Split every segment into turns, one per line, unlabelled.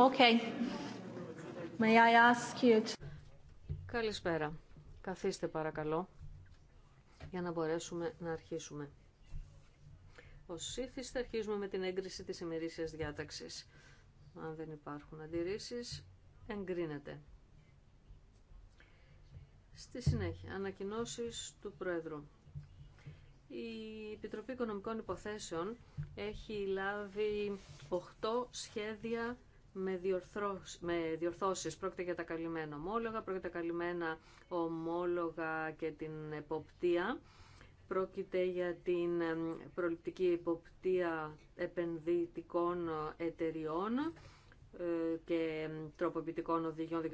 Okay. May I ask Καλησπέρα. Καθίστε παρακαλώ για να μπορέσουμε να αρχίσουμε. Ω ήθιστε αρχίζουμε με την έγκριση της ημερήσιας διάταξη. Αν δεν υπάρχουν αντιρρήσει. εγκρίνεται. Στη συνέχεια, ανακοινώσεις του Πρόεδρου. Η Επιτροπή Οικονομικών Υποθέσεων έχει λάβει 8 σχέδια με, διορθώσεις, με διορθώσεις. Πρόκειται για τα καλυμμένα ομόλογα, πρόκειται τα καλυμμένα ομόλογα και την εποπτεία. Πρόκειται για την προληπτική εποπτεία επενδυτικών εταιριών ε, και τροποποιητικών οδηγιών 2013-36-2014-65.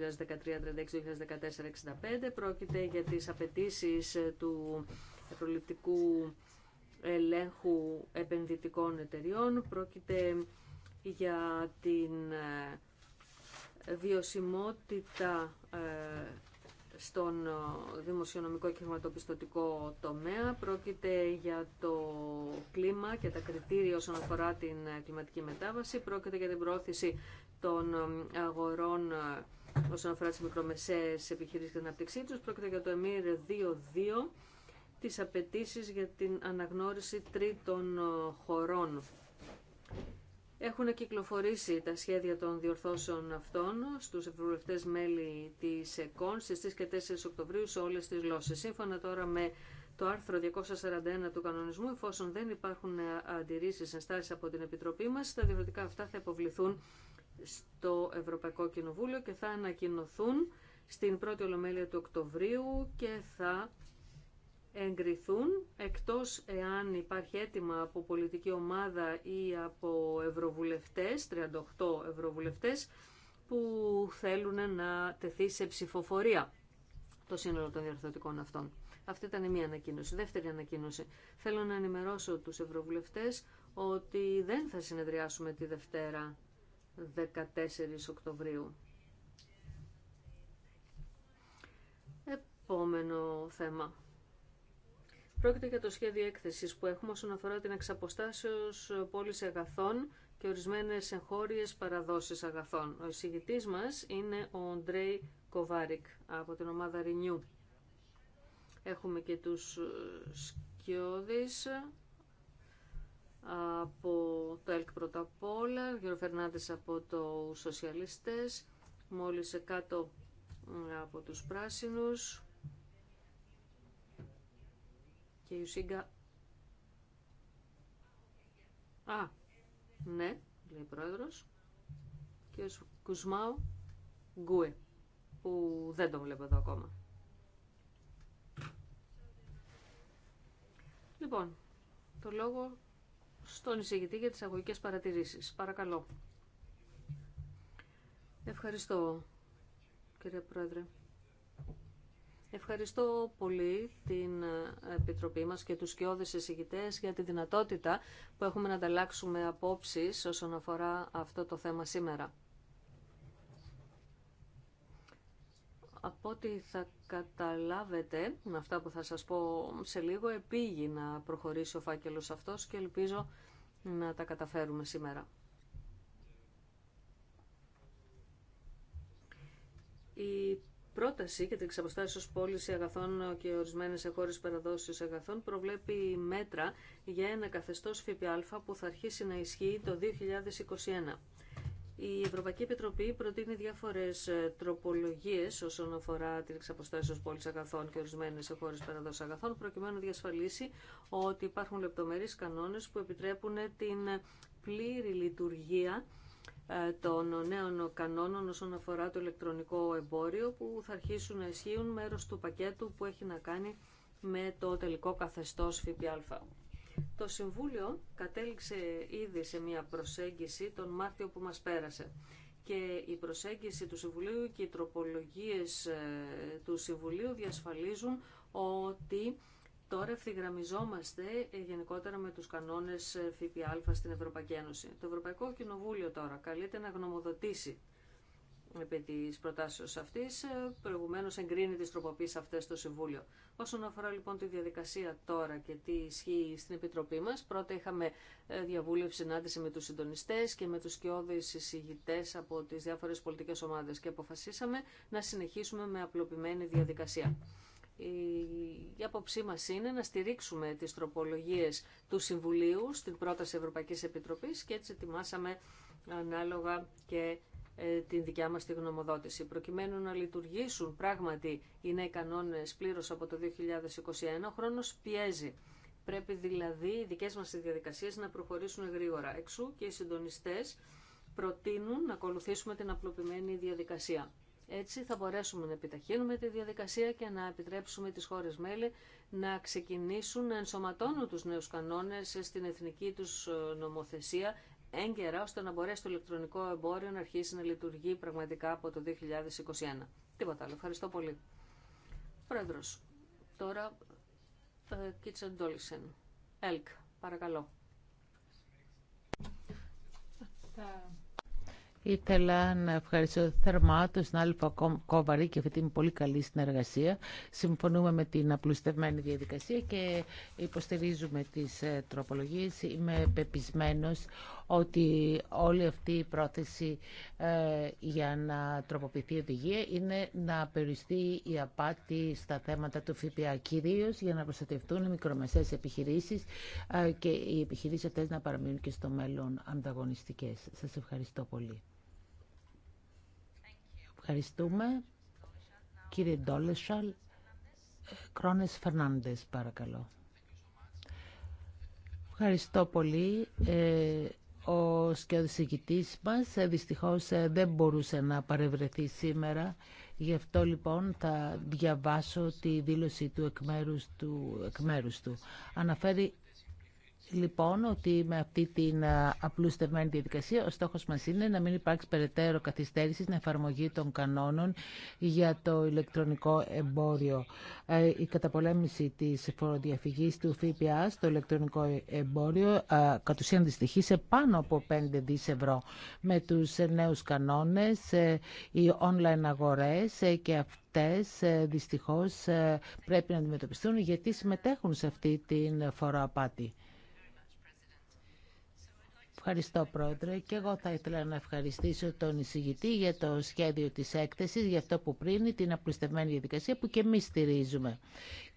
Πρόκειται για τις απαιτήσει του προληπτικού ελέγχου επενδυτικών εταιριών. Πρόκειται για την ε, βιωσιμότητα ε, στον ε, δημοσιονομικό και χρηματοπιστωτικό τομέα. Πρόκειται για το κλίμα και τα κριτήρια όσον αφορά την κλιματική μετάβαση. Πρόκειται για την πρόθεση των αγορών όσον αφορά τις μικρομεσαίες επιχειρήσεις και την αναπτυξή τους. Πρόκειται για το ΕΜΗΡ 2.2 τις απαιτήσει για την αναγνώριση τρίτων χωρών έχουν κυκλοφορήσει τα σχέδια των διορθώσεων αυτών στους ευρωβουλευτές μέλη της ΕΚΟΝ στις 3 και 4 Οκτωβρίου σε όλες τις γλώσσες. Σύμφωνα τώρα με το άρθρο 241 του κανονισμού, εφόσον δεν υπάρχουν αντιρρήσεις ενστάσεις από την Επιτροπή μας, τα διορθωτικά αυτά θα υποβληθούν στο Ευρωπαϊκό Κοινοβούλιο και θα ανακοινωθούν στην πρώτη ολομέλεια του Οκτωβρίου και θα εγκριθούν εκτός εάν υπάρχει αίτημα από πολιτική ομάδα ή από ευρωβουλευτές, 38 ευρωβουλευτές, που θέλουν να τεθεί σε ψηφοφορία το σύνολο των διορθωτικών αυτών. Αυτή ήταν η μία ανακοίνωση. Δεύτερη ανακοίνωση. Θέλω να ενημερώσω τους ευρωβουλευτές ότι δεν θα συνεδριάσουμε τη Δευτέρα 14 Οκτωβρίου. Επόμενο θέμα. Πρόκειται για το σχέδιο έκθεσης που έχουμε όσον αφορά την εξαποστάσεως πώληση αγαθών και ορισμένες εγχώριες παραδόσεις αγαθών. Ο εισηγητής μας είναι ο Ντρέι Κοβάρικ από την ομάδα Renew. Έχουμε και τους ε, σκιώδεις ε, από το ΕΛΚ πρώτα απ' όλα, Γιώργο από το Σοσιαλιστές, μόλις κάτω ε, από τους Πράσινους, και η Α, ναι, λέει ο Και ο Κουσμάου Γκούε, που δεν τον βλέπω εδώ ακόμα. Λοιπόν, το λόγο στον εισηγητή για τις αγωγικές παρατηρήσεις. Παρακαλώ. Ευχαριστώ, κύριε Πρόεδρε. Ευχαριστώ πολύ την Επιτροπή μας και τους σκιώδες εισηγητές για τη δυνατότητα που έχουμε να ανταλλάξουμε απόψεις όσον αφορά αυτό το θέμα σήμερα. Από ό,τι θα καταλάβετε, με αυτά που θα σας πω σε λίγο, επήγει να προχωρήσει ο φάκελος αυτός και ελπίζω να τα καταφέρουμε σήμερα πρόταση για την ως πώληση αγαθών και ορισμένες εγχώρες παραδόσεις αγαθών προβλέπει μέτρα για ένα καθεστώς ΦΠΑ που θα αρχίσει να ισχύει το 2021. Η Ευρωπαϊκή Επιτροπή προτείνει διάφορε τροπολογίε όσον αφορά την ως πώληση αγαθών και ορισμένε χώρε παραδόσει αγαθών, προκειμένου να διασφαλίσει ότι υπάρχουν λεπτομερεί κανόνε που επιτρέπουν την ε, πλήρη λειτουργία ε, των νέων κανόνων όσον αφορά το ηλεκτρονικό εμπόριο που θα αρχίσουν να ισχύουν μέρος του πακέτου που έχει να κάνει με το τελικό καθεστώς ΦΠΑ. Το Συμβούλιο κατέληξε ήδη σε μια προσέγγιση τον Μάρτιο που μας πέρασε και η προσέγγιση του Συμβουλίου και οι τροπολογίες ε, του Συμβουλίου διασφαλίζουν ότι τώρα ευθυγραμμιζόμαστε ε, γενικότερα με τους κανόνες ε, ΦΠΑ στην Ευρωπαϊκή Ένωση. Το Ευρωπαϊκό Κοινοβούλιο τώρα καλείται να γνωμοδοτήσει επί τη προτάσεω αυτή, ε, προηγουμένω εγκρίνει τι τροποποίησει αυτέ στο Συμβούλιο. Όσον αφορά λοιπόν τη διαδικασία τώρα και τι ισχύει στην Επιτροπή μα, πρώτα είχαμε διαβούλευση συνάντηση με του συντονιστέ και με του σκιώδει εισηγητέ από τι διάφορε πολιτικέ ομάδε και αποφασίσαμε να συνεχίσουμε με απλοποιημένη διαδικασία η άποψή μα είναι να στηρίξουμε τις τροπολογίες του Συμβουλίου στην πρόταση Ευρωπαϊκής Επιτροπής και έτσι ετοιμάσαμε ανάλογα και ε, την δικιά μας τη γνωμοδότηση. Προκειμένου να λειτουργήσουν πράγματι οι νέοι κανόνες πλήρως από το 2021, ο χρόνος πιέζει. Πρέπει δηλαδή οι δικές μας διαδικασίες να προχωρήσουν γρήγορα. Εξού και οι συντονιστές προτείνουν να ακολουθήσουμε την απλοποιημένη διαδικασία. Έτσι θα μπορέσουμε να επιταχύνουμε τη διαδικασία και να επιτρέψουμε τις χώρες μέλη να ξεκινήσουν να ενσωματώνουν τους νέους κανόνες στην εθνική τους ε, νομοθεσία έγκαιρα ώστε να μπορέσει το ηλεκτρονικό εμπόριο να αρχίσει να λειτουργεί πραγματικά από το 2021. Τίποτα άλλο. Ευχαριστώ πολύ. Πρόεδρος, τώρα Ελκ, παρακαλώ.
Ήθελα να ευχαριστώ θερμά τον συνάδελφο Κόβαρη και αυτή την πολύ καλή συνεργασία. Συμφωνούμε με την απλουστευμένη διαδικασία και υποστηρίζουμε τις ε, τροπολογίες. Είμαι πεπισμένος ότι όλη αυτή η πρόθεση ε, για να τροποποιηθεί η οδηγία είναι να περιστεί η απάτη στα θέματα του ΦΠΑ, κυρίω για να προστατευτούν οι μικρομεσαίες επιχειρήσεις ε, και οι επιχειρήσεις αυτές να παραμείνουν και στο μέλλον ανταγωνιστικές. Σας ευχαριστώ πολύ. Ευχαριστούμε. Κύριε Ντόλεσσαλ, Κρόνες Φερνάντες, παρακαλώ. Ευχαριστώ πολύ. Ε, ο σκιοδησηγητής μας ε, δυστυχώς ε, δεν μπορούσε να παρευρεθεί σήμερα. Γι' αυτό λοιπόν θα διαβάσω τη δήλωση του εκ του. Εκ μέρους του. Αναφέρει λοιπόν ότι με αυτή την απλούστευμένη διαδικασία ο στόχος μας είναι να μην υπάρξει περαιτέρω καθυστέρηση στην εφαρμογή των κανόνων για το ηλεκτρονικό εμπόριο. Ε, η καταπολέμηση της φοροδιαφυγής του ΦΠΑ στο ηλεκτρονικό εμπόριο κατ' ουσίαν δυστυχεί σε πάνω από 5 δις ευρώ με τους νέους κανόνες, ε, οι online αγορές ε, και αυτές δυστυχώς πρέπει να αντιμετωπιστούν γιατί συμμετέχουν σε αυτή την φοροαπάτη. Ευχαριστώ Πρόεδρε και εγώ θα ήθελα να ευχαριστήσω τον εισηγητή για το σχέδιο της έκθεσης, για αυτό που πριν την απλουστευμένη διαδικασία που και εμείς στηρίζουμε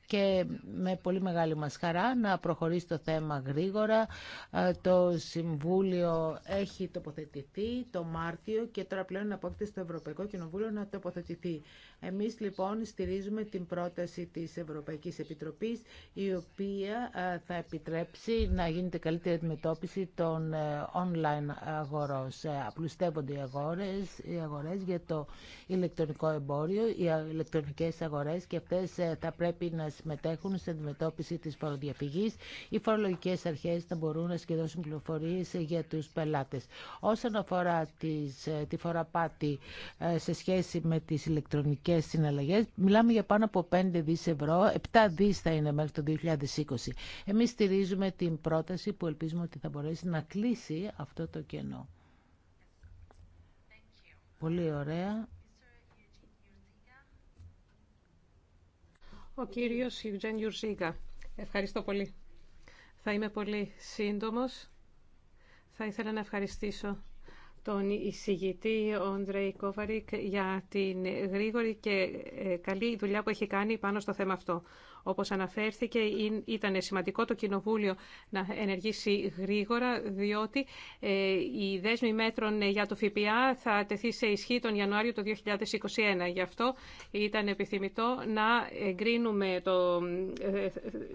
και με πολύ μεγάλη μας χαρά να προχωρήσει το θέμα γρήγορα. Ε, το Συμβούλιο έχει τοποθετηθεί το Μάρτιο και τώρα πλέον απόκειται στο Ευρωπαϊκό Κοινοβούλιο να τοποθετηθεί. Εμείς λοιπόν στηρίζουμε την πρόταση της Ευρωπαϊκής Επιτροπής η οποία ε, θα επιτρέψει να γίνεται καλύτερη αντιμετώπιση των ε, online αγορών. Απλουστεύονται οι αγορές, αγορές για το ηλεκτρονικό εμπόριο, οι ηλεκτρονικές αγορές και αυτές θα πρέπει να συμμετέχουν στην αντιμετώπιση της φοροδιαφυγή, Οι φορολογικέ αρχές θα μπορούν να σχεδώσουν πληροφορίε για τους πελάτες. Όσον αφορά τις, ε, τη φοραπάτη ε, σε σχέση με τις ηλεκτρονικές συναλλαγές, μιλάμε για πάνω από 5 δις ευρώ, 7 δις θα είναι μέχρι το 2020. Εμείς στηρίζουμε την πρόταση που ελπίζουμε ότι θα μπορέσει να κλείσει αυτό το κενό. Πολύ ωραία. Ο κύριος
Ιουτζέν Ιουρζίγκα. Ευχαριστώ πολύ. Θα είμαι πολύ σύντομος. Θα ήθελα να ευχαριστήσω τον εισηγητή Οντρέι Κόβαρικ για την γρήγορη και ε, καλή δουλειά που έχει κάνει πάνω στο θέμα αυτό. Όπως αναφέρθηκε, ήταν σημαντικό το Κοινοβούλιο να ενεργήσει γρήγορα, διότι ε, η δέσμη μέτρων για το ΦΠΑ θα τεθεί σε ισχύ τον Ιανουάριο του 2021. Γι' αυτό ήταν επιθυμητό να εγκρίνουμε το, ε,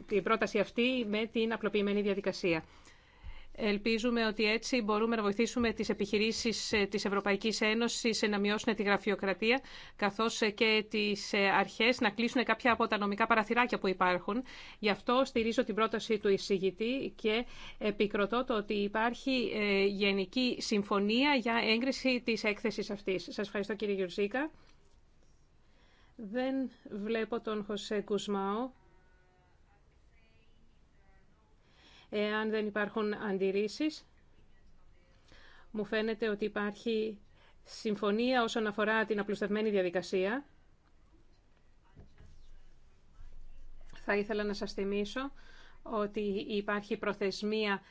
την πρόταση αυτή με την απλοποιημένη διαδικασία. Ελπίζουμε ότι έτσι μπορούμε να βοηθήσουμε τις επιχειρήσεις ε, της Ευρωπαϊκής Ένωσης να μειώσουν τη γραφειοκρατία, καθώς ε, και τις ε, αρχές να κλείσουν κάποια από τα νομικά παραθυράκια που υπάρχουν. Γι' αυτό στηρίζω την πρόταση του εισηγητή και επικροτώ το ότι υπάρχει γενική συμφωνία για έγκριση της έκθεσης αυτής. Σας ευχαριστώ κύριε Γιουρζίκα. Δεν βλέπω τον Χωσέ Κουσμάου. Εάν δεν υπάρχουν αντιρρήσεις, μου φαίνεται ότι υπάρχει συμφωνία όσον αφορά την απλουστευμένη διαδικασία. Θα ήθελα να σας θυμίσω ότι υπάρχει προθεσμία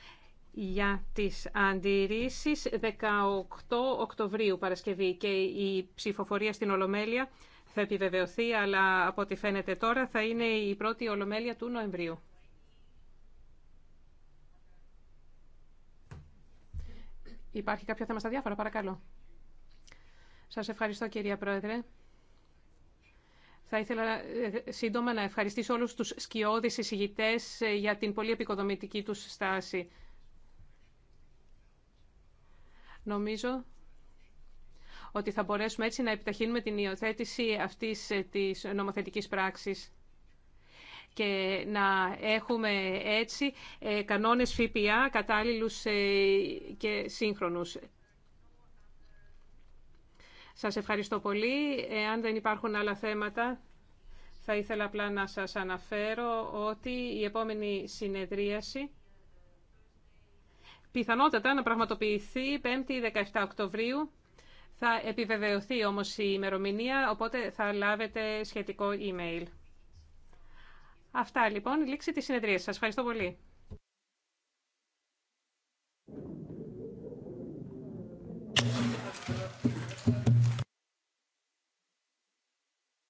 για τις αντιρρήσεις 18 Οκτωβρίου Παρασκευή και η ψηφοφορία στην Ολομέλεια θα επιβεβαιωθεί, αλλά από ό,τι φαίνεται τώρα θα είναι η πρώτη Ολομέλεια του Νοεμβρίου. Υπάρχει κάποιο θέμα στα διάφορα, παρακαλώ. Σας ευχαριστώ κυρία Πρόεδρε. Θα ήθελα ε, σύντομα να ευχαριστήσω όλους τους σκιώδεις εισηγητές ε, για την πολύ επικοδομητική τους στάση. Νομίζω ότι θα μπορέσουμε έτσι να επιταχύνουμε την υιοθέτηση αυτής ε, της νομοθετικής πράξης και να έχουμε έτσι ε, κανόνες ΦΠΑ κατάλληλους ε, και σύγχρονους. Σας ευχαριστώ πολύ. Αν δεν υπάρχουν άλλα θέματα, θα ήθελα απλά να σας αναφέρω ότι η επόμενη συνεδρίαση πιθανότατα να πραγματοποιηθεί 5η 17 Οκτωβρίου. Θα επιβεβαιωθεί όμως η ημερομηνία, οπότε θα λάβετε σχετικό email. Αυτά λοιπόν, λήξη της συνεδρίας. Σας ευχαριστώ πολύ.